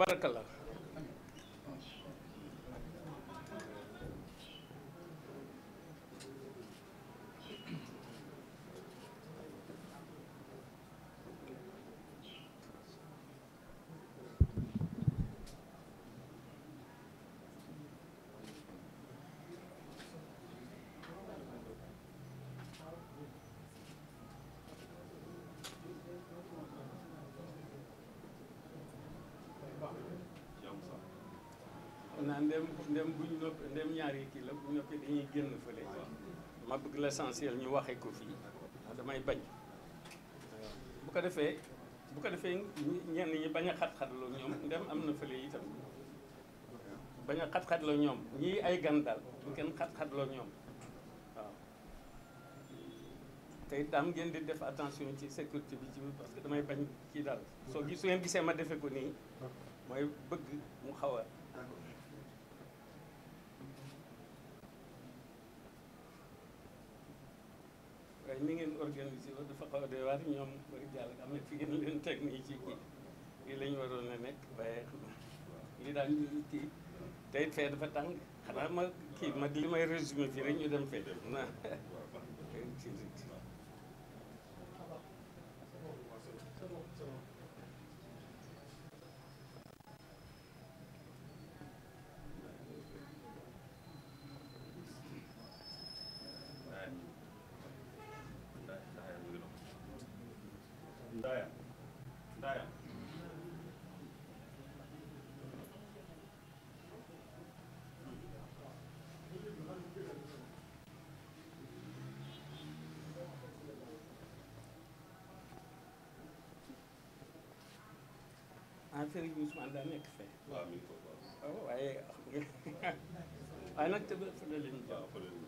tabarakallah ndem bu ñu noppee ndem ñaari kii la bu ñu noppee dañuy génn fële ma bëgg l'essentiel ñu waxee ko fii damay bañ euh, bu ko defee bu ko defee ñenn ñi bañ a xat-xatloo ñoom ndem am na fële itam bañ a xat-xatloo ñoom ñii ay gan daal bu kenn xat-xatloo ñoom waaw tey daam ngeen di def attention ci sécurité bi ci parce que damay bañ kii daal soo gi su ngeen gisee ma defee ko nii mooy bëgg mu xaw a waaye ni ngeen organisé wu dafa xaw a doy waar ñoom bari jàll am na fi ngeen leen teg nii ci kii lii la ñu waroon a nekk waaye lii daal ñu kii tey fee dafa tàng xanaa ma kii ma li may résumé fii rek ñu dem fee na ah sëriñ bi Ousmane daa nekk fee. waaw mi ngi ko waaw. waaye oh, waaye nag te fële leen waaw fële leen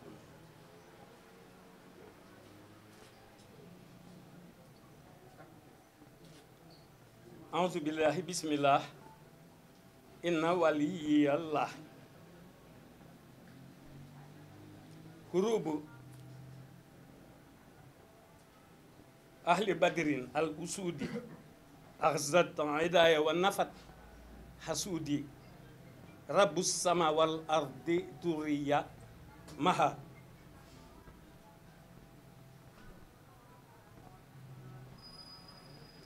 auzu billahi bismillah inna waliyallah kurubu ahli badrin al usudi أخذت عداية والنفط حسودي رب السماء والأرض دورية مها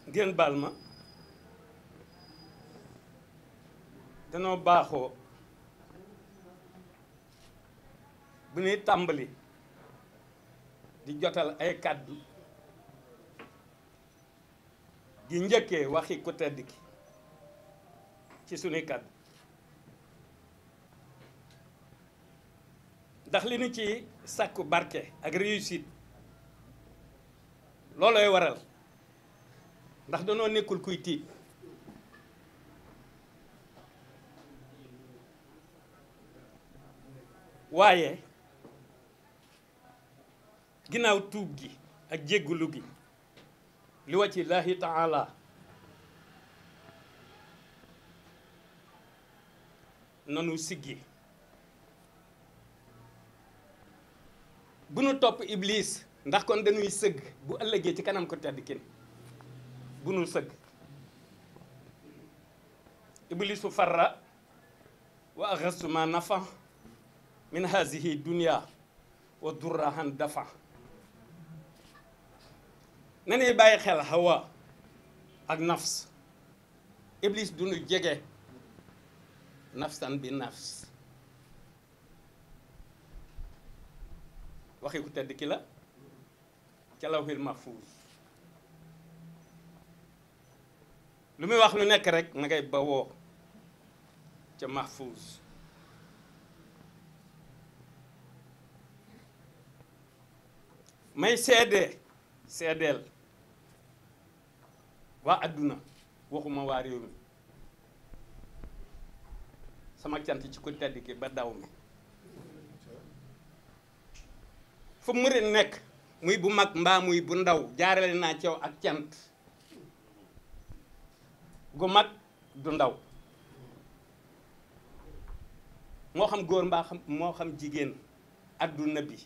جن بالما دنو باخو بني تامبلي دي جوتال اي كادو di njëkkee waxi ku tedd ki ci sunuy kàddu ndax li nu ci sàkku barke ak réussite loolooy waral ndax danoo nekkul kuy tiit waaye ginnaaw tuub gi ak jéggulu gi لوجه الله تعالى nanu siggi bu توب ابليس ndax kon dañuy seug bu ëllëgé ci kanam ko tedd kin bu nu seug iblisu farra wa axastu ma nafa min hadhihi dunya wa durrahan dafa nañuy bàyyi xel hawa ak nafs iblis du ñu jege nafsan bi nafs waxi ku tedd ki la ca lawhil mahfuz lu muy wax lu nekk rek na ngay bawoo ca mahfuz may seede seedeel waa àdduna waxuma waa réew mi sama cant ci ko tedd ba daw mi fu murit nekk muy bu mag mbaa muy bu ndaw jaarale naa ci ak cant gu mag du ndaw moo xam góor mbaa xam moo xam jigéen adduna bi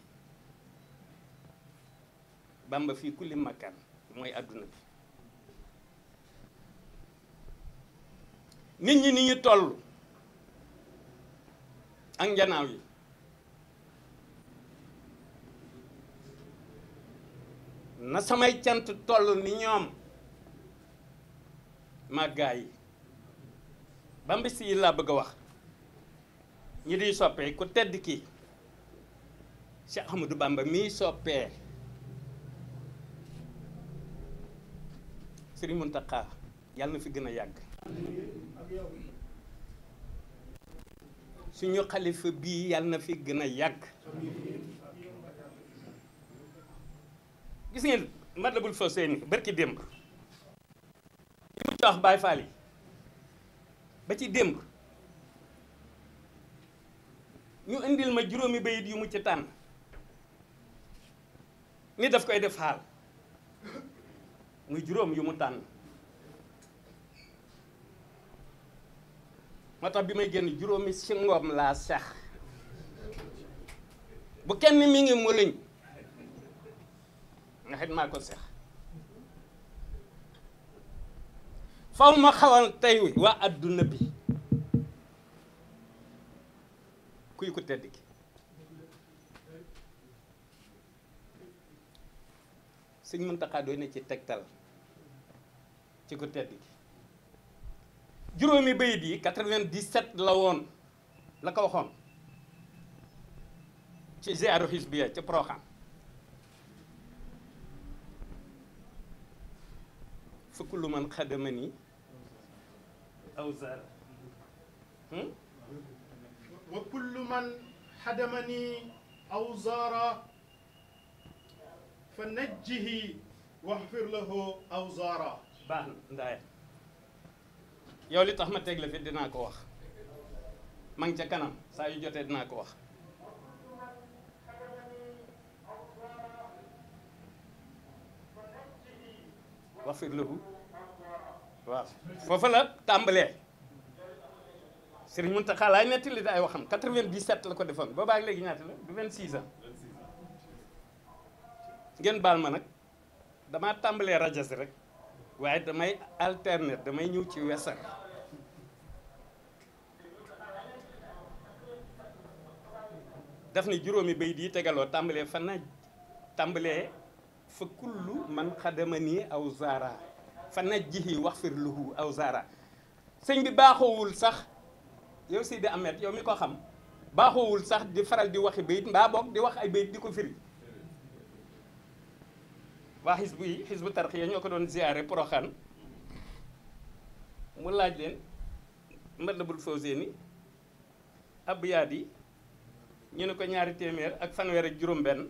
bamba fii kulli makkaan mooy adduna bi nit ñi ni ñu toll ak njanaaw yi na samay cant toll ni ñoom màggaa yi ba mbis yi laa bëgg a wax ñi di soppee ku tedd ki Cheikh amadou Bamba mi soppee Serigne muntaka yàlla fi gën a suñu xalifa bii yàlla na fi gën a yàgg gis ngeen Matlaboul Fawzayni barki démb li mu wax Baay Faal ba ci démb ñu indil ma juróomi bayit yu mu ci tànn ni daf koy def xaal muy juróom yu mu tànn moo tax bi may génn juróomi si ngoom laa seex bu kenn mi ngi muliñ nga xet maa ko seex faw ma xawal tey waa adduna bi kuy ko tedd ki sëñ Muntaxa doy na ci tegtal ci ko tedd ki juróomi bayit yi 97 la woon la ko waxoon ci ziaru xisbiya ca Porokhane fa kullu man xadamani aw zara hmm? wa kullu man xadamani aw zara fa najjihi waxfir lahu aw zara baax yow li tax ma teg la fi dinaa ko wax ma ngi ca kanam saa yu jotee dinaa ko wax wax fir lahu waaw foofa la tàmbalee Sëriñ Muntaxa laay nettali ay waxam 97 la ko defoon ba baag léegi ñaata la du 26 ans ngeen baal ma nag damaa tàmbalee rajas rek waaye damay alternet damay ñëw ci wesar daf na juróomi bayit yi tegaloo tàmbalee fan na tàmbalee fa kullu man xadama nii aw zara fa na jihi wax fir luhu aw zara sëñ bi baaxoowul sax yow di Ahmed yow mi ko xam baaxoowul sax di faral di waxi bayit mbaa boog di wax ay bayit di ko firi waa xisbu yi xisbu tarxiya ñoo ko doon ziare Poroxaan mu laaj leen Matlabul Fawzeyni abyaat yi ñu ne ko ñaari téeméer ak fanweer ak juróom-benn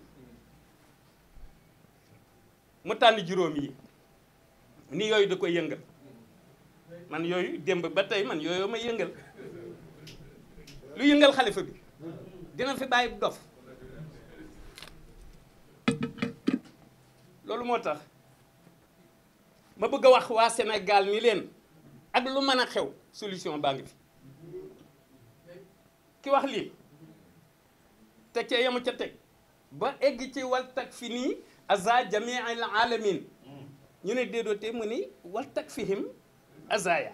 mu tànn juróom yi ni yooyu da koy yëngal man yooyu démb ba tey man yooyu ma yëngal lu yëngal xalifa bi dina fi bàyyi dof loolu moo tax ma bëgg a wax waa Sénégal ni leen ak lu mën a xew solution baa bi ki wax lii te cee yamu ca teg ba egg ci wal tak fi nii aza jamiil alamin ñu ne déedoote mu ni wal aza fihim azaya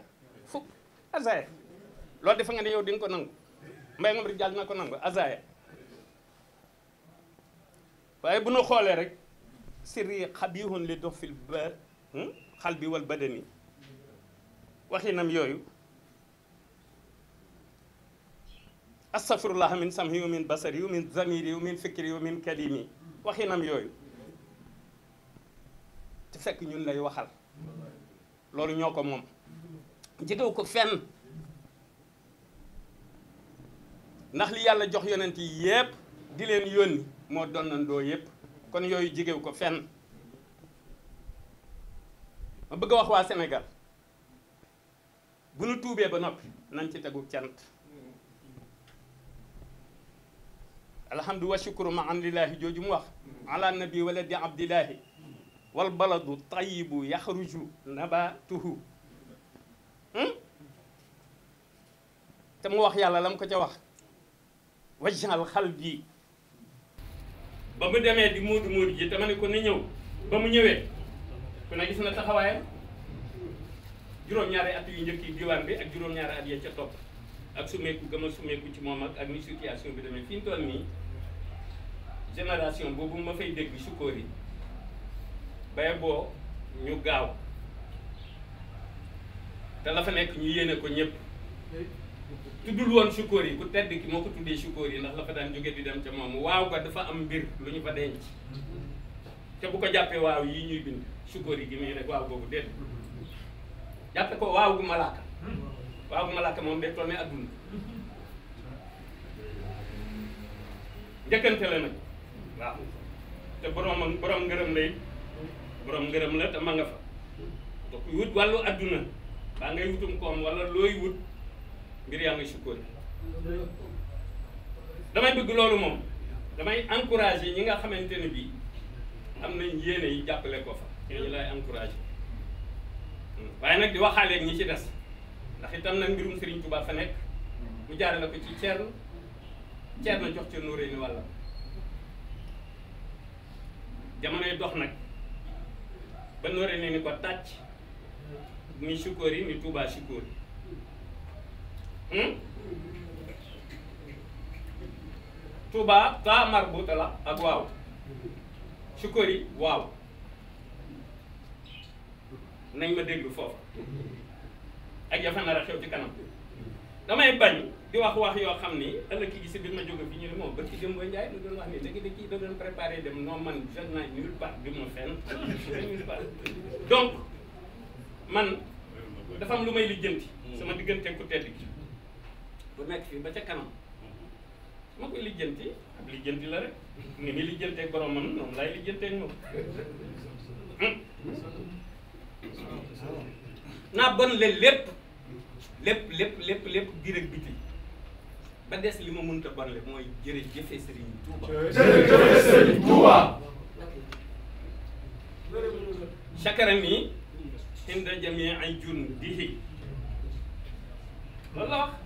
fuk azaya loolu defa nga ne yow di ko nangu mbay moom rek jàll na ko nangu azaya waaye bu nu xoolee rek sirri xabirun li dox fil ba xal bi wal badani waxinam yooyu astafirullah min samhi yu min basari yu min zamiri yu min fikri yu min kalimi waxinam yooyu te fekk ñun lay waxal loolu ñoo ko moom jegew ko fenn ndax li yàlla jox yonent yi yépp di leen yónni moo donnandoo yépp kon yooyu jigéew ko fenn ma bëgg wax waa Sénégal bu nu tuubee ba noppi nañ ci tegu cant alhamdu wa shukru ma an lillahi jooju mu wax ala nabi wala di abdillaahi wal baladu tayibu yaxruju nabatuhu te mu wax yàlla lam ko ca wax wajjal xal bii ba mu demee di muudu muudu ji dama ne ko na ñëw ba mu ñëwee ku ne gis na taxawaayam juróom-ñaari at yu njëkk yi bi ak juróom-ñaari at ya ca topp ak sumeeku gëm a sumeeku ci moom ak ak ni situation bi demee fi mu toll nii génération boobu ma fay dégg sukkoor yi bay boo ñu gaaw te la fa nekk ñu ko ñëpp tuddul woon sukkoor yi ku tedd ki moo ko tuddee sukkoor yi ndax la fa daan jóge di dem ca moom waaw ga dafa am mbir lu ñu fa denc te bu ko jàppee waaw yii ñuy bind sukkoor yi gi muy rek waaw boobu déet jàppe ko waaw gu malaaka waaw gu malaaka moom day toll ne adduna njëkkante la nag waaw te boroom boroom ngërëm lay boroom ngërëm ma nga fa donc wut wàllu adduna baa ngay wutum koom wala looy wut mbir yaa ngi sukkoon damay bëgg loolu moom damay encouragé ñi nga xamante ne bii am na yéene yi jàppale ko fa ñooñu lay encouragé hmm. waaye nag di waxaaleeg ñi ci des ndax itam na mbirum Serigne Touba fa nekk mu jaare la ko ci ceer ceer na jox ca nóoré ni wàlla dox nag ba nóoré ni ni ko tàcc ni sukkoor yi ni Touba sukkoor yi Hmm? Touba ta marbuta la ak waaw sukori waaw nañ ma déglu foofu ak yafa nar a xew ci kanam damay bañ di wax wax yoo xam ni ëllëg ki gis bi ma jóge fi ñu ne moom ba ci dem ba Ndiaye da doon wax ni léegi da kii da doon préparé dem non man je n'ai nulle part bi ma fenn nulle part man dafa am lu may lijjanti sama diggante ku bu nekk fii ba ca kanam mhm. su ma ab lijjanti la rek ni muy lijjanteeg boromam noonu laay lijjanteeg moom naa bon leen lépp lépp lépp lépp lépp biir ak biti ba des li ma mënut a bon leen mooy jërëjëf Sëriñ Tuuba jërëjëf Sëriñ Tuuba chakarami hinda jamii ay jun dihi loolu la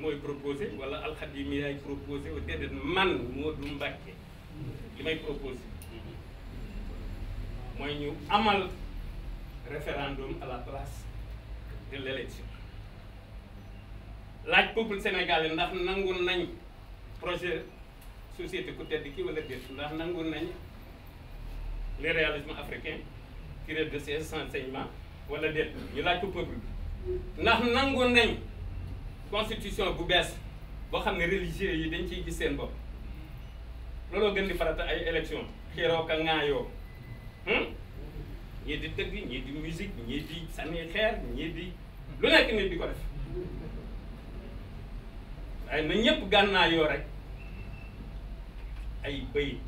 m'a proposé Al Khadimi a proposé wa de man Modou Mbacké il m'a proposé moi ñu amal référendum à la place de l'élection Le peuple sénégalais ndax pas nañ projet société ku tedd kii wala qui ndax nangu nañ le réalisme africain tiré de ses enseignements wala déet ñu laaj ko peuple n'a pas de nañ constitution bu bess boo xamné religieux yi dañ ci gis sen bopp looloo gën di farata ay élection xiroo ka hmm ñii di dëgg ñii di musique ñii di sànni xéer ñii di lu nekk nit di ko def waaye na ganna yo rek ay bayit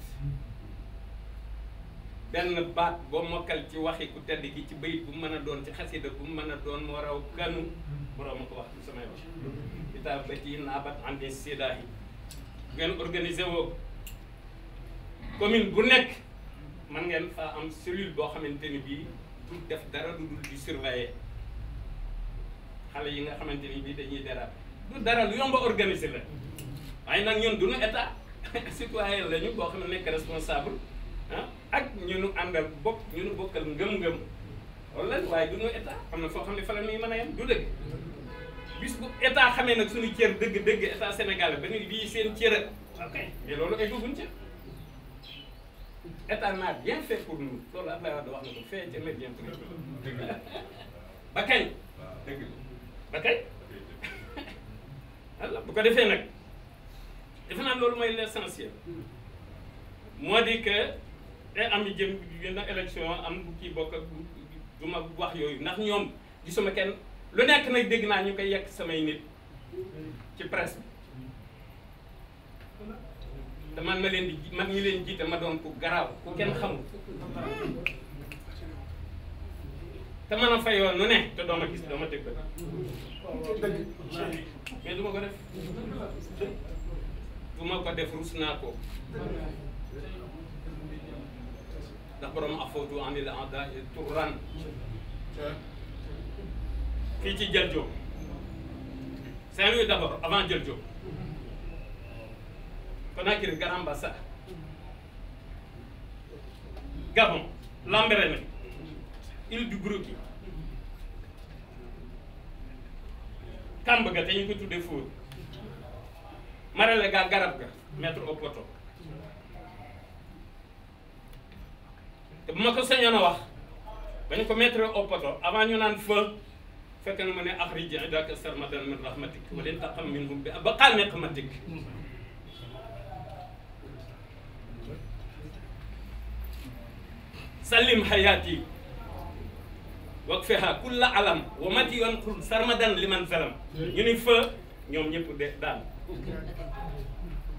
ben baat bo mokal ci waxi ku tedd gi ci beuy bu meuna doon ci khasida bu meuna doon mo raw kanu borom ko wax ci samay wax kitaab ba ci naabat ngeen organiser wo commune bu nek man ngeen am cellule bo xamanteni bi du def dara du dul di surveiller xale yi nga xamanteni bi dañuy dara du dara lu yomba organiser la waaye nak ñun duñu état citoyen lañu bo boo nek responsable ah. ak ñu nu àndal bokk ñu nu bokkal ngëm-ngëm loolu waaye du ñu état am na foo xam ne fa la ñuy a yem du dëgg bis bu état xamee nag suñu cër dëgg-dëgg état sénégalais ba ni lii seen cër ok mais loolu ay dugguñ ca état naa bien fait pour nous loolu Abdoulaye Wade wax na ko fee ca la bien pour nous ba kañ ba kañ walla bu ko defee nag defe loolu mooy l'essentiel moo di day am yu jëm gën a élection am bu kii bokk ak du ma wax yooyu ndax ñoom gisuma kenn lu nekk nag dégg naa ñu koy yekk samay nit ci presse bi te ma leen di man ñi leen jiite ma doon ku garaaw ku kenn xamul te mën a fayoo nu ne te dooma gis dooma dégg mais ma ko def du ma ko def rus naa ko ndax borom afawtu anil ada turan fii ci Jal Diop Saint-Louis d'abord avant Jal Diop Conakry Grand Bassam Gabon Lambaréné île du Gourouki kàmb ga te ñu ko tuddee fóor mare la gaa garab ga mettre au te bu ma ko sañoon a wax bañ ko mettre au poto avant ñu naan feu fekk na ma ne axrij ibaadaka sarmadan min rahmatik wa leen taqam minhum bi abqal niqmatik sallim xayaati waqfiha kulla alam wa mati yoon xul sarmadan liman zalam ñu ni feu ñoom ñëpp de daal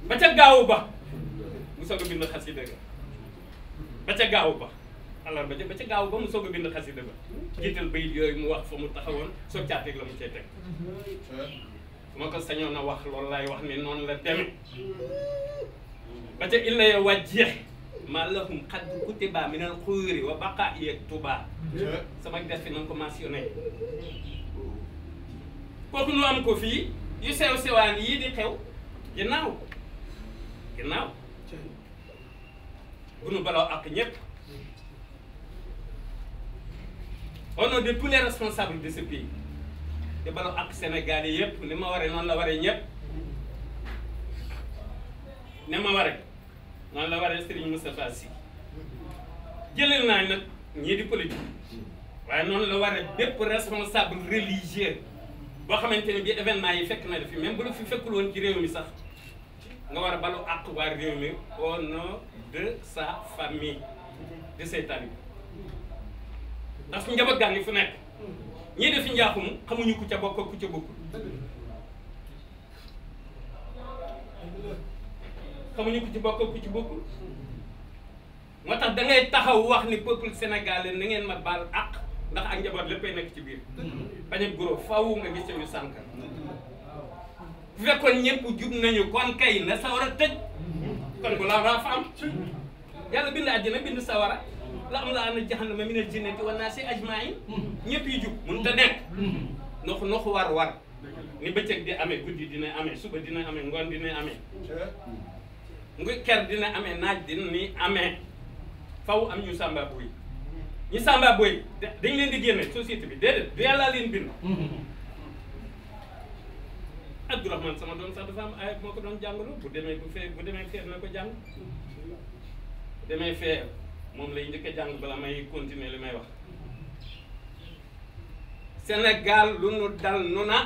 ba ca gaawu ba mu soog a bind xasida ga ba ca gaaw ba àllarba ja ba ca gaaw ba mu soog a bind xasida ba jiital bayit yooyu mu wax foo mu taxawoon soo caateeg la mu cay teg mhm. su ko sañoon a wax loolu laay wax ni noonu la demee mhm. ba ca illa ya wàjjeex maa lahum xad kutiba min al xuyuri wa baqa iya tuba sama def na nga ko mentionné kooku nu am ko fii yu sew sewaan yii di xew ginnaaw ginnaaw bu nu ak ñépp au nom de tous les responsables de ce pays di baloo ak sénégalais yi yépp ni ma waree noonu la waree ñépp ni ma waree noonu la waree Serigne Moustapha Sy jëlal naa nag ñii di politique waaye non la waree bépp responsable religieux boo xamante ne bi événement yi fekk na def même bu la fi fekkul woon ci réew mi sax nga war a balu àq waa réew mi de sa famille de ses talibés ndax su njaboot gaa ngi fu nekk ñii def fi njaaxum xamuñu ku ca bokk ku ca bokkul xamuñu ku ci bokk ku ci bokkul moo tax da taxaw wax ni peuple sénégalais na ngeen ma baal àq ndax ak njaboot léppay nekk ci biir bañ a goro faaw nga gis ca yu sànq bu fekkoon ñëpp jub nañu kon kay na sawara tëj kon ko laa fa am yàlla bind àjjana bind sawara la am laa anna a minal jinnati wan naasi ajmain ñëpp yi jub mënut ta nekk nox nox war war ni bëccëg di amee guddi dina amee suba dina amee ngoon dina amee ngi ker dina amee naaj dina ni amee faw am ñu sàmba boy ñu sàmba boy dañ leen di génne société bi déedéet du yàlla leen bind Abdourahmane sama doon sax fam ay eh, moko don doon jàngalu bu demé bu fee bu demé fee na ko jang demé demee mom lay njëkk jang bala may continuer limay wax Sénégal lu nu dal nu na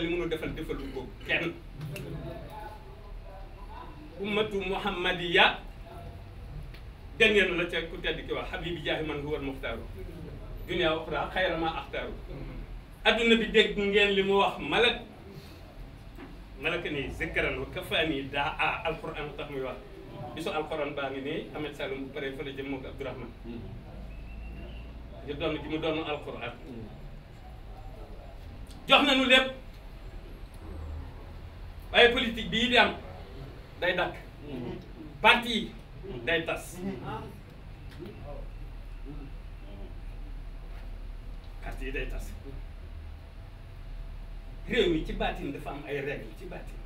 li mënu defal defal ko kenn ummatu muhammadiya dengen la ci ku tedd ki wax habibi jaahi man al dunya khayra ma akhtaru adduna bi dégg ngeen li mu wax malak malaka nii zikran wa kafaani daa a alquran tax muy wax bisu alquran baa ngi nii Ahmed Saloum bu paree fa la jëm moog Abdourahman ñu doon gi mu doon alquran jox nañu lépp waaye politique bii di am day dakk parti yi day tas parti yi day tas réew mi ci baatin dafa am ay règle ci baatin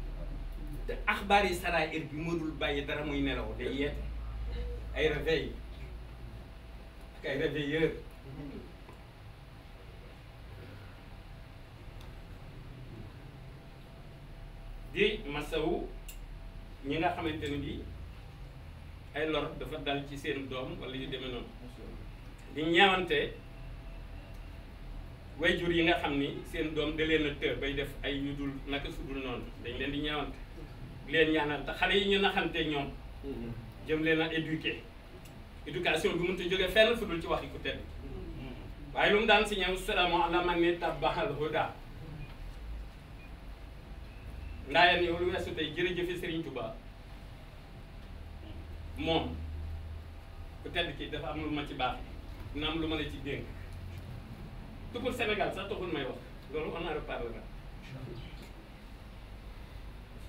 te axbaar yi saraayir bi moo dul dara muy nelaw day yeete ay réveil ak ay réveilleur di masawu ñi nga xamante ni bi ay lor dafa dal ci seen doom wala yu demee noonu di ñaawante jur yi nga xam ni seen doom da leen tër bay def ay ñu dul naka su dul noonu dañ leen di ñaawante leen ñaanal te xale yi ñu naxante ñoom jëm leen a éduquer éducation bi mënut a jóge fenn fu dul ci wax ku tedd waaye lu mu daan si ñëw salaamu ala man ni tabbaxal huda ndaayeen yow lu weesu tey jërëjëfe Serigne Touba moom ku tedd kii am lu ma ci baax dina am lu ma la ci dénk Tukul Sénégal sax taxul may wax loolu on en reparlera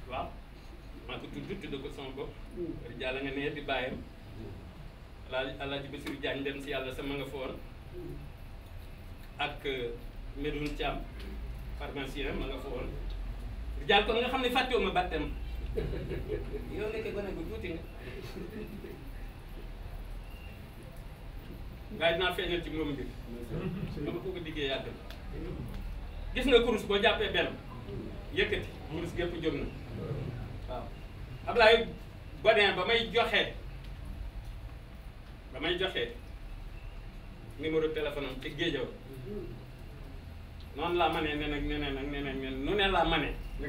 waaw maa ko tudd ko son bopp nga di bàyyam alaaji di Bassirou Diagne dem ci yalla sama nga foon ak Medoune Thiam pharmacien ma nga foon jàll ko nga xamni ne fàttewuma gone bu tuti nga ngay naa feeñal ci moom mbir dama na gis kurus boo jàppee benn yëkkati kurus gépp jóg na waaw Ablaye Godin ba may joxe ba may joxe numéro téléphone am ci géejaw noonu laa manee ne nag ne ne nag ne ne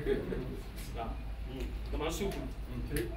nu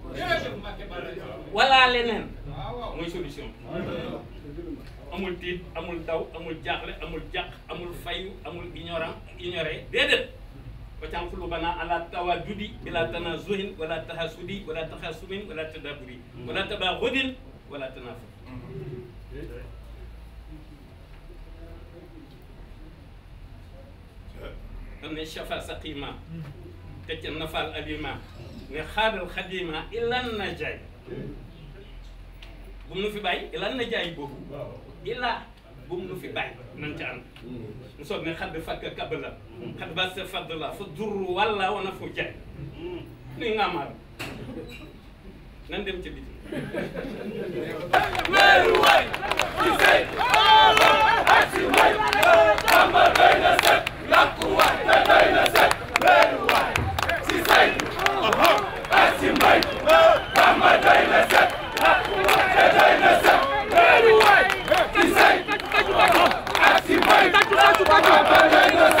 wala leneen mooy solution amul tiit amul daw amul jaaxle amul jàq amul fayu amul ignorant ignoré déedéet wa taxlubanaa ala tawaajudi bila tanazuhin wala tahasudi wala taxasumin wala tadaburi wala tabaxudin wala tanafur am na shafa saqima tecc nafaal alima خaaral xadima ilan na jaay bu mu nu fi bàyyi ilan na jaay boobu ila bu mu nu fi bàyyi nan ca ànd mu soog ne xadd fakk kabala xadd ba sa fadd la fa dur walla wana fu jaay ni nga maar nan dem ca biti meeru way ci sey aala ak si way tamba doy na set làkku way te doy na set meeru Tá acabando a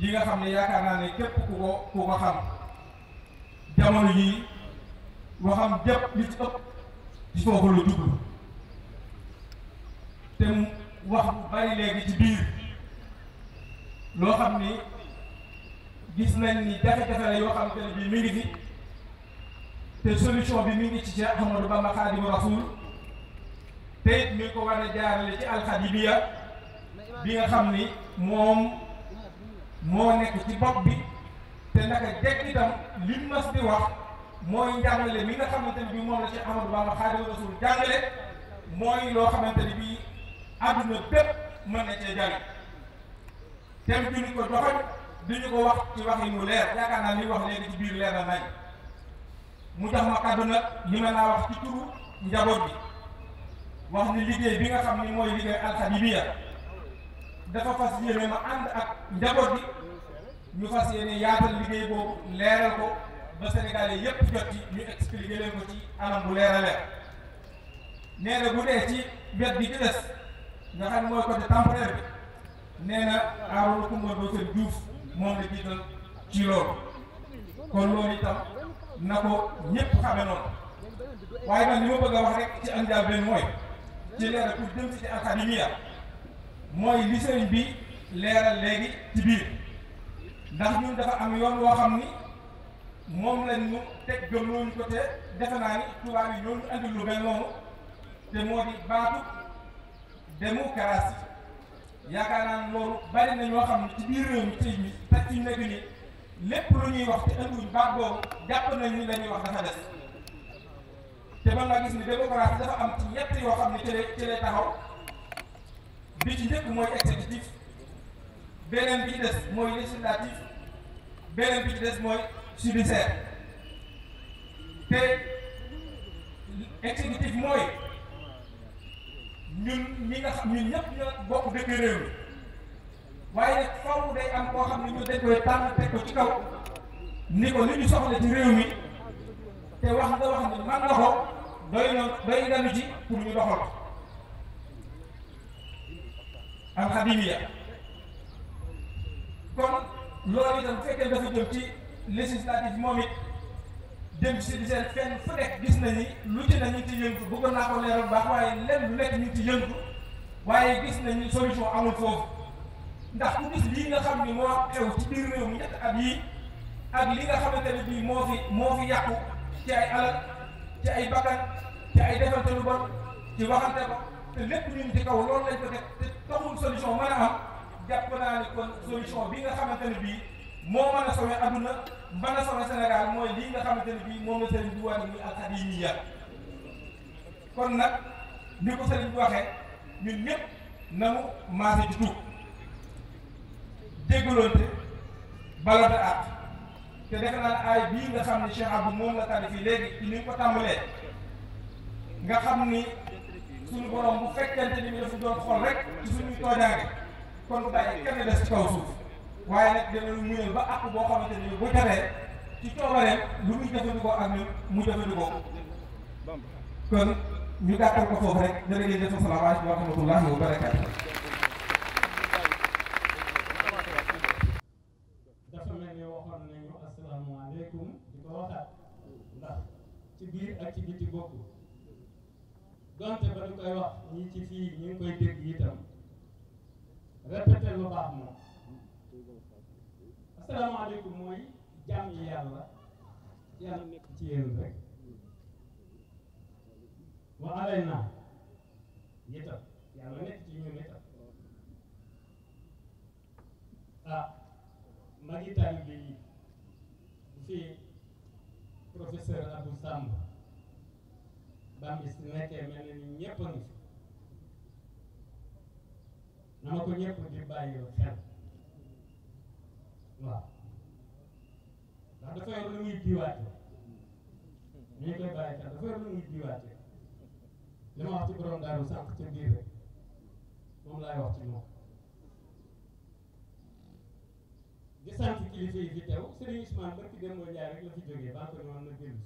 yi nga xam ne yaakaar naa ne képp ku ko ku ko xam jamono yii xam jëpp li ci ëpp ci foofu la jublu te wax bari léegi ci biir loo xam ni gis nañ ni jafe-jafe la yoo xam te bi mi ngi fi te solution bi mi ngi ci Cheikh Ahmadou Bamba Khadimu Rasoul te it mi ko war a jaarale ci alxadimiya bi nga xam ni moom moo nekk ci bopp bi te naka jekk itam liñ mas di wax mooy njàngale mi nga xamante ne bi moom la ci Amadou Bamba Xaadimu Rasuul jàngale mooy loo xamante ni bi àdduna bépp mën na cee jàng tem ko wax ci mu leer yaakaar naa li wax léegi ci biir leer na nañ mu jox àdduna kàddu nag li wax ci turu njaboot bi wax ni liggéey bi nga xam ni mooy liggéey alxadimiya dafa fas yéene ma ànd ak njaboot bi ñu fas yéene yaatal liggéey boobu leeral ko ba Sénégalais yépp jot ci ñu ko ci anam bu leer a leer nee na bu dee ci wet bi ci des nga xam mooy côté temporaire bi nee na Arouna Coumba Ndoffène Diouf moom la jiital ci loolu kon loolu itam na ko ñëpp xame noonu waaye nag li ma bëgg a wax rek ci ak njàlbeen mooy ci leeral pour jëm ci académie mooy li bi leeral léegi ci biir. ndax ñun dafa am yoon woo xam ni moom lañ ñu teg gëmlooñu ko te defe naa ni tubaab yi ñoo ñu andil lu mel noonu te moo di baatu démocratie yaakaar naa loolu bari na ñoo xam ne ci biir réew mi tey mi ci nekk ni lépp lu ñuy wax te andiwuñ baat boobu jàpp nañ ni la ñuy wax dafa des te mën naa gis ni démocratie dafa am ci ñett yoo xam ne ci lay taxaw bi ci njëkk mooy exécutif beneen bi ci des mooy législatif beneen bi ci des mooy te exécutif mooy ñun nga xam ñun ñëpp ñoo bokk dëkk réew waaye nag faw am koo xam ne ñu dañ koy tànn ci kaw ni ko li ñu soxla ci réew mi te wax nga wax ni man nga ko doy na doy nañu ci pour ñu doxal alxadimiya kon loolu itam fekkee dafa jëm ci législative moom it dem ci di seen fenn fu nekk gis nañu lu ci na ñu ngi ci yëngu bëggoon naa ko leeral bu baax waaye lenn lu nekk ñu ci yëngu waaye gis nañu solution amul foofu ndax ku gis lii nga xam ni moo xew ci biir réew mi ñett at yii ak li nga xamante ne bii moo fi moo fi yàqu ci ay alal ci ay bakkan ci ay defante lu bon ci waxante ba te lépp ñu ngi ci kaw loolu lañ ko teg te taxul solution mën a am. jàpp naa ni kon solution bi nga xamante ne bii moo mën a sauvé aduna mën a sauvé Sénégal mooy lii nga xamante ne bii moom la sëriñ bi wax ni alxadimiya kon nag ni ko sëriñ bi waxee ñun na nanu maase ci tuub déggaloonte balonte àq te defe naa ay bii nga xam ne Cheikh Abdou moom la tànn fii léegi ni nga ko tàmbalee nga xam ni suñu borom bu fekkente ni mi dafa doon xol rek ci suñu tooñaange kon lu bàyyi kenn des ci kaw suuf waaye nag dana muñal ba àq boo xamante ni bu jafee ci coobareem lu muy jëfandikoo ak ñun mu jëfandikoo kon ñu gàttal ko foofu rek jërë ngeen jëf salaamaaleykum wa rahmatullahi wa barakaatu. dafa me ni waxoon nañu asalaamaaleykum di ko waxaat ndax ci biir ak ci biti bokk donte ba du koy wax ñi ci fii ñu ngi koy dégg répété lu baax moom asalaamaaleykum mooy jàmm yi yàlla yàlla nekk ci yéen rek wa alayna itam yàlla nekk ci ñun itam ah magi taalibe yi bu fi Bambis nekkee mel na ni na ko ñëpp di bàyyi xel waaw ndax na yor lu muy jiwaate ñu koy bàyyi xel dafa yor lu muy jiwaate li ma wax ci borom daaru sànq ca biir rek moom laay wax ci moom di sant kilifa yi fi teew Serigne Ousmane barki dem moo jaay rek la fi jógee ko noonu na dellu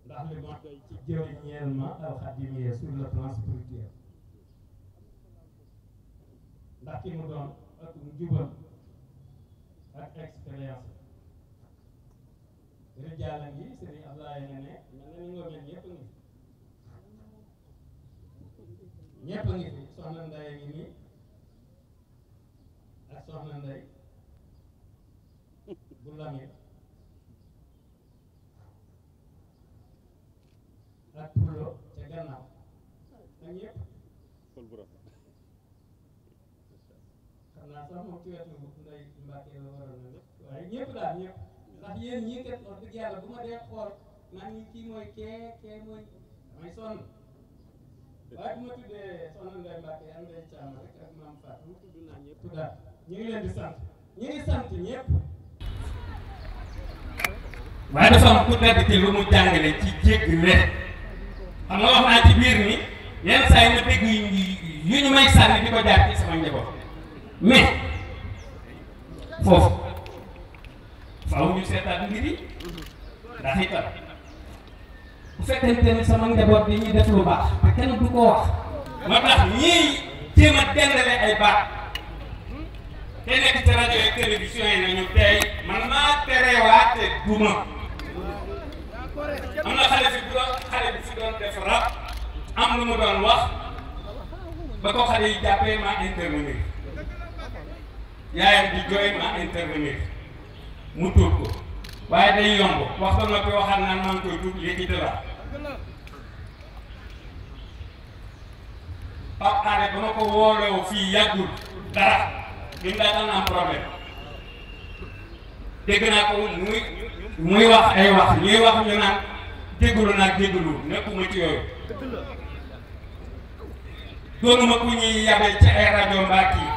si ndax ma doy ci jëriñ ma alxadim yee sur le plan spirituel ndax ki mu doon ak njubam ak expérience rijaala ngi sëriñ Abdoulaye ne ne mel na ni nga mel ñëpp ngi ñëpp ngi fi soxna Ndeye ngi nii ak soxna Ndeye bu lamit ak pulo ca gannaaw ak ndax sax moom ci wetu nday Mbàkke la waroon na lépp waaye ñëpp daal ñëpp ndax yéen ñii kat wax dëgg yàlla bu ma dee xool naan ñi kii mooy kee kee mooy damay sonn waaye bu ma tuddee soxna Ndeye Mbàkke am Ndeye Thiam rek ak maam Fatou tudd naa ñëpp daal ñu ngi leen di sant ñu ngi sant ñëpp waaye dafa am ku nekk lu mu jàngale ci jégg rek xam nga wax naa ci biir ni yenn saa yi ma dégg yu ñu may sànni di ko jaar ci sama njaboot mais foofu faaw ñu seetaat mbir yi ndax itam bu fekkente ne sama njaboot bi ñuy def lu baax te kenn du ko wax moo tax ñii a dendale ay baax te nekk ci rajo yi télévision yi tey man maa terewaate duma am na xale fi doon xale bi fi doon def am lu mu doon wax ba ko xale yi jàppee maa intervenir yaayam di jooy ma intervenir mu tuub ko waaye day yomb waxtu na ko waxaat naan maa ngi koy tuub léegi te la Pape Alé ba ma ko wooloo fii yàggul dara bi mu daan am problème dégg naa ko muy muy wax ay wax ñuy wax ñu naan déglu naa déglu nekkuma ci yooyu doonuma ku ñuy yabe ci ay rajo mbaa kii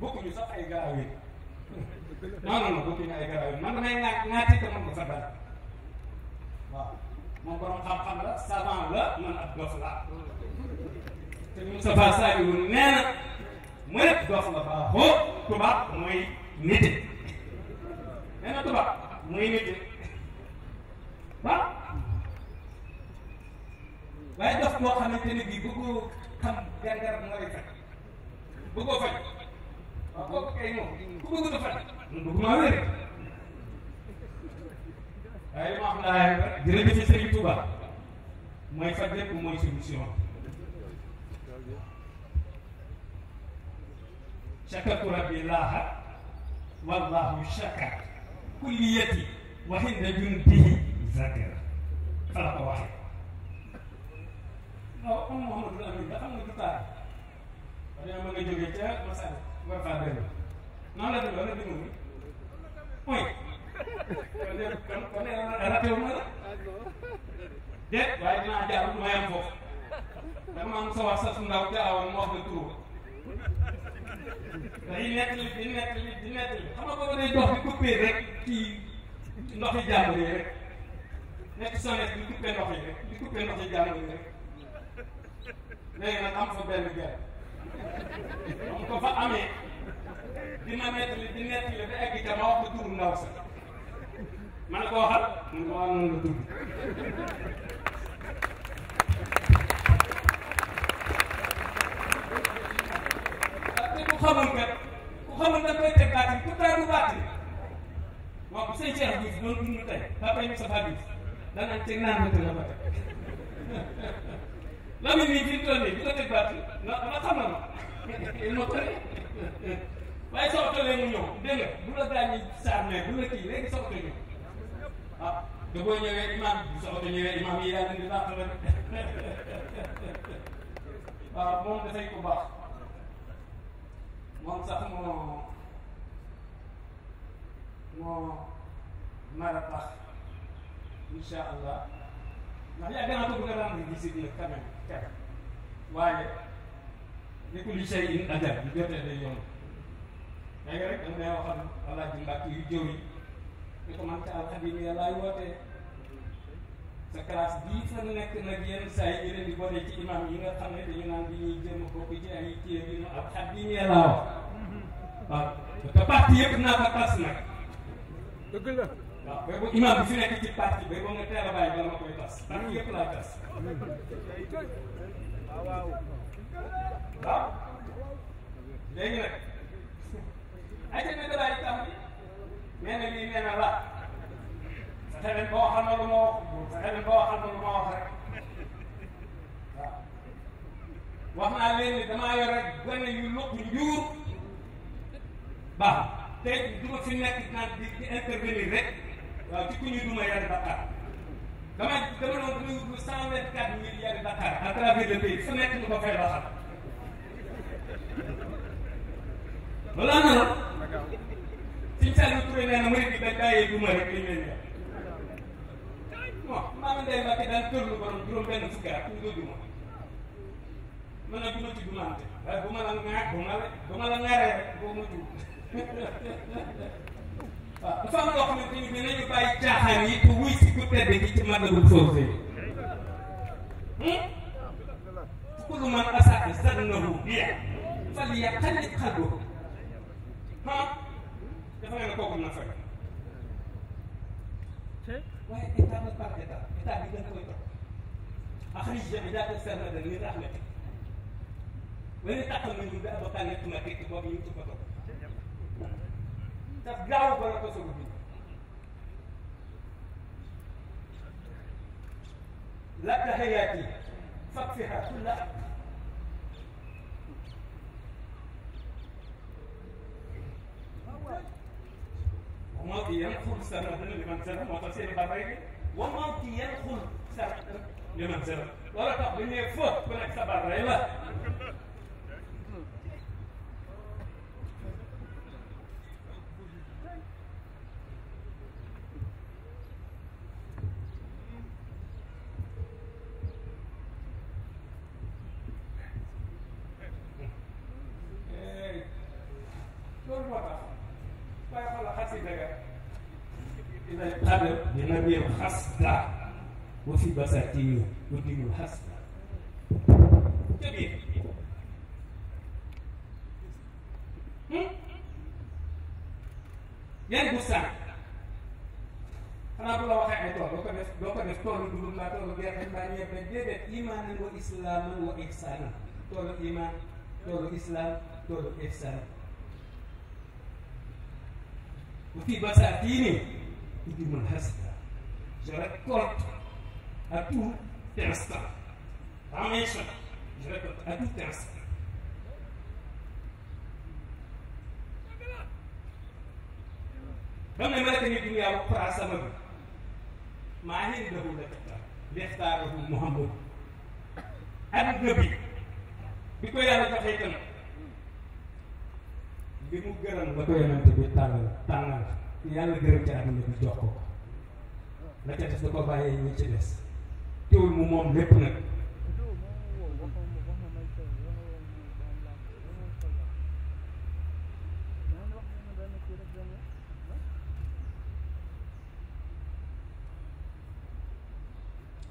bokkuñu sax ay garaaw yi non non non bokkuñu ay garaaw yi man damay naa naati te man ko sax dara waaw moom borom xam-xam la la man ab dof la te Moustapha Saliou nee na mu ne dof la baaxoo tubaab na tubaab mooy nite waaw waaye dof mooy faj bëggoo faj boo ko kay moom ku bëgg du faj man bëgguma wér waaye li ma xam laa jërëjëf Serigne Touba mooy faj lépp mooy solution shakartu rabbi laaha wallahu shakar kulliyati wa hinda jundihi zakara fa la ko waxee waaw am Mouhamadou Amine da xam nga du taar dañoo mën nga jógee ca Masal war faa gën noonu la dundoo nag dund bi point kon kon raté wu ma la déet waaye dinaa jaar lu may am foofu dama am sa wax sa su ndaw te awoon ma wax la turu dañuy nekk li di nekk li di nekk li xam nga boobu day dox di coupé rek ci ndox yi jàmbur yi rek nekk sonnet di coupé ndox yi rek di coupé ndox yi jàmbur yi rek léegi nag am fa benn gerte bu ko fa amee dina mettali di nettali ba egg ca ma wax ko turu ndaw sa ma ne ko waxal mun ko am noonu la tudd te ku xamul kat ku xamul da koy teg baatin ku taa du baatin wax ko sëñ Cheikh Diouf doon dund tey papa ñu sa fàddu danañ teg naan la tëdd la fa teg la muy nii fi mu toll nii du ko teg baatin nga nga xam na ma waaye soo tollee mu ñëw dégg nga bu la gaañi saarne bu la kii léegi soo ko ñëw ah da boo ñëwee imam bi soo ko ñëwee imam yi yaa ah, ko baax moom sax moo moo nar a baax allah ndax yaa gën a bëgg nga daan di gis biir quand même waaye Ini kulli shay'in adab lu jotee day yomb nah, léegi rek danga may waxal alaaji mbàkk yu jëw yi ni ko man ca alxadim ya laay wootee sa classe bii fa nekk yi leen di boole ci imam yi nga xam dañu naan bi ñuy jëm bokk ci ay ya wax parti la waaw bu imam bi fi nekk ci parti béy boo nga teel a bàyyi bala ma koy parti waaw waaw waaw léegi nag ayca bi débat yi tax nee na la sa tamit boo xam wax sa tamit boo xam ne lu ma wax rek waaw wax naa leen a yu lëkk njuur baax tey du ma fi nekk naan di di intervenir rek waaw ci ku ñu duma yari Dakar dama dama doon dama wut cent vingt quatre mille yari Dakar loolu am na la siñ Saliou Touré nee na mu ne di dañ bàyyee du ma rek liñ leen di bon maama Ndeye Mbacke daan tërlu borom juróom benn fukki at ñu ko duma mën na duma ci dumante waaye bu ma la ŋaa bu ma la bu ma la ŋaaree rek boo ma jub waaw dafa am loo xamante ni bi nañu bàyyi caaxaan yi te wuy si ku tedd gi ci màggalu foofu hmm? ku man asaka sannahu biya fal yaqallib xalbu ها ha dafa ne kooku na fay waaye état na par état état bi dañ koy jox أخرج عبادة سردا من رحمتك طيب. ولتقم من باب كانت مكتك وبين تفتك تفجعوا بركة سبحانه لك حياتي فاكفها كل أكل yalxul saraf li man saraf moo tax seen xarfay ne wa mawti yalxul saraf li man saraf loola tax bu ñëwee fa ku nekk sa barray la Islam, wa ihsan tur iman tur islam tur ihsan Kutiba saat ini Kutibul hasta Jarak kort Aku tersta Ramesha Jarak kort aku tersta Bang Emel kini dunia perasa Mahir dahulu kata Lihat taruh Muhammad àdduna bi bi ko yàlla joxee itam li mu gërëm ba ko yonante bi tànnal tànnal yàlla gërëm ci àdduna bi jox ko la ca des da ko bàyyee ñi ci des mu moom lépp nag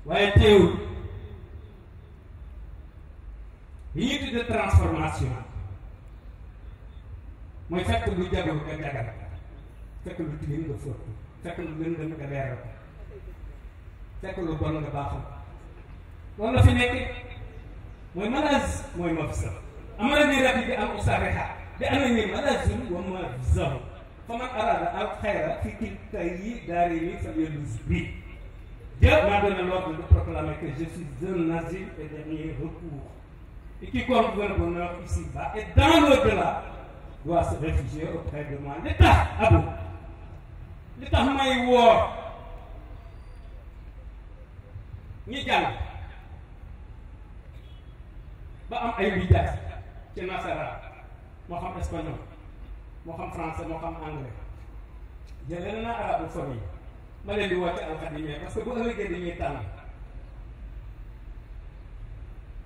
waaye teewul esprit de transformation mooy fekk lu jago nga jagal fekk lu tilim nga fóot fekk lu lëndëm nga leeral ko fekk lu bon nga baaxal loolu la fi nekk mooy malaas mooy mafsa amara ni rabbi bi am usariha bi annani malazun wa mafzahu fa man arada al xayra fi kilta yi daarayni falyaluz bi Dieu m'a donné l'ordre de proclamer que je suis un asile et dernier recours et compte veut le bonheur ici-bas et dans l'au-delà doit se réfugier auprès de moi. L'État, à vous. L'État, maï wor. Ñi jàng ba am ay wijaas ci nasara moo xam espagnol moo xam français moo xam arabu famille ma leen di woote alxadimee parce que bu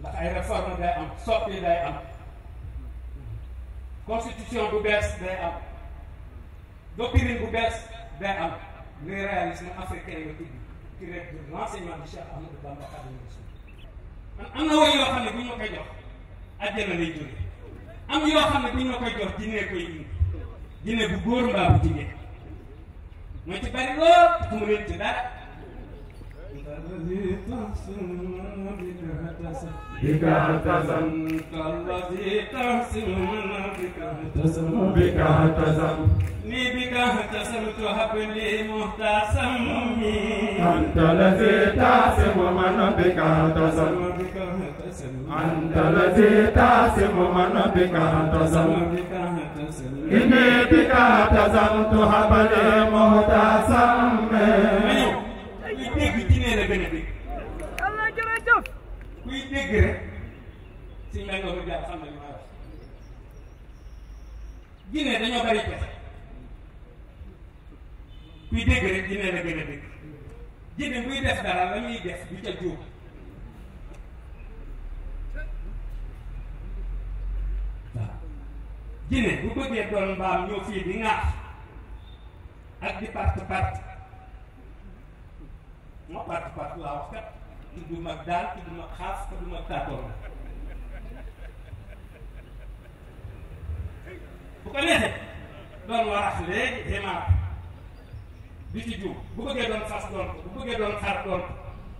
ndax ay day am soppi day am constitution bu bees day am doctrine bu bees day am luy réalisme africain nga tudd ci rek de l'enseignement du Cheikh Ahmadou Bamba Khadimou Rassoul man am na woy yoo xam ne bu ñu ma koy jox àjjana lay am yoo xam ne bu ñu ma koy jox jinne koy indi jinne bu góor mbaa bu jigéen mooy ci bari lool mu leen विकहत सम कल्वजित सिमन विकहत सम विकहत सम नि विकहत सम तो हपले मुहता सम अंतल जेता सिमन विकहत सम विकहत सम अंतल जेता सिमन विकहत सम विकहत सम इमे विकहत सम तो हपले dëgg bi yàlla jërëjëf kuy dégg rek si mel nga ko jaar xam na li ma wax jinne dañoo bari pexe kuy dégg rek jinne la gën a dégg jinne buy def dara la ñuy def di ŋaax ak di ma baatu baatu laa wax kat tudd mag daal tudd mag xaas tudd mag taatoor la bu ko neexee doon warax léegi xémaat bi ci juum bu bëggee doon fas doon ko bu bëggee doon xar ko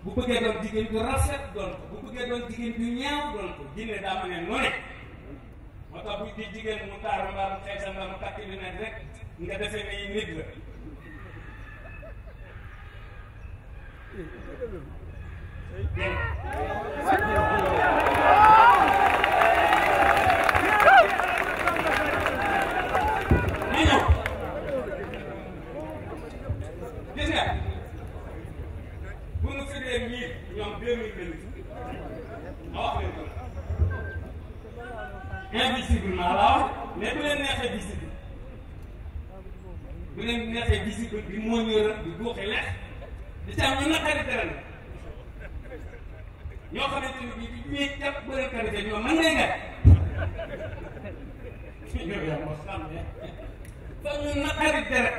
bu bëggee doon jigéen bu rafet doon ko bu bëggee doon jigéen bu ñaaw ko jinne daa ma ne noonu moo tax bu di jigéen mu taaru mbaaru xeesal mbaaru takk bi nag rek nga defee ne nit bu leen neexee visible bi moo ñëw rek di duuxi leex lislaam ñu naqari dara la ñoo xamante ne bii bi ñuy jàpp bëri karité ñoo mën ngay nga ñoo yaa moo xam ne fa ñu naqari dara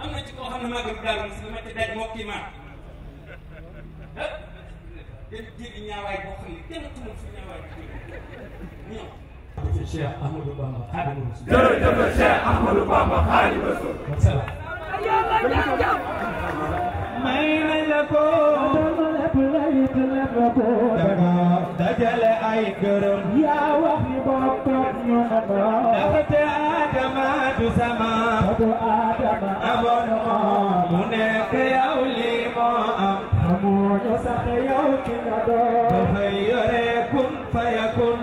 am na ci koo xam ne maa gëm daal si dama ci daj moo kii maa ah def jéegi ñaawaay boo xam ne kenn xamul fi ñaawaay bi ñëw Cheikh Ahmadou Bamba Xaadimu Rasuul jërëjëf Cheikh Ahmadou Bamba Xaadimu Rasuul may nañ la ko lépp lépp lépp ko dama dajale ay gërëm yaa wax ni a ñu ama ndaxte a du sama du Adama amoon moo mu nekk yow lii moo am amuñu sax yow ki nga doon dafay yore kun fayakun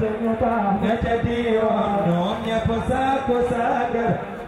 te ñu baax na ca diiwaan ñoom ñëpp saako saagar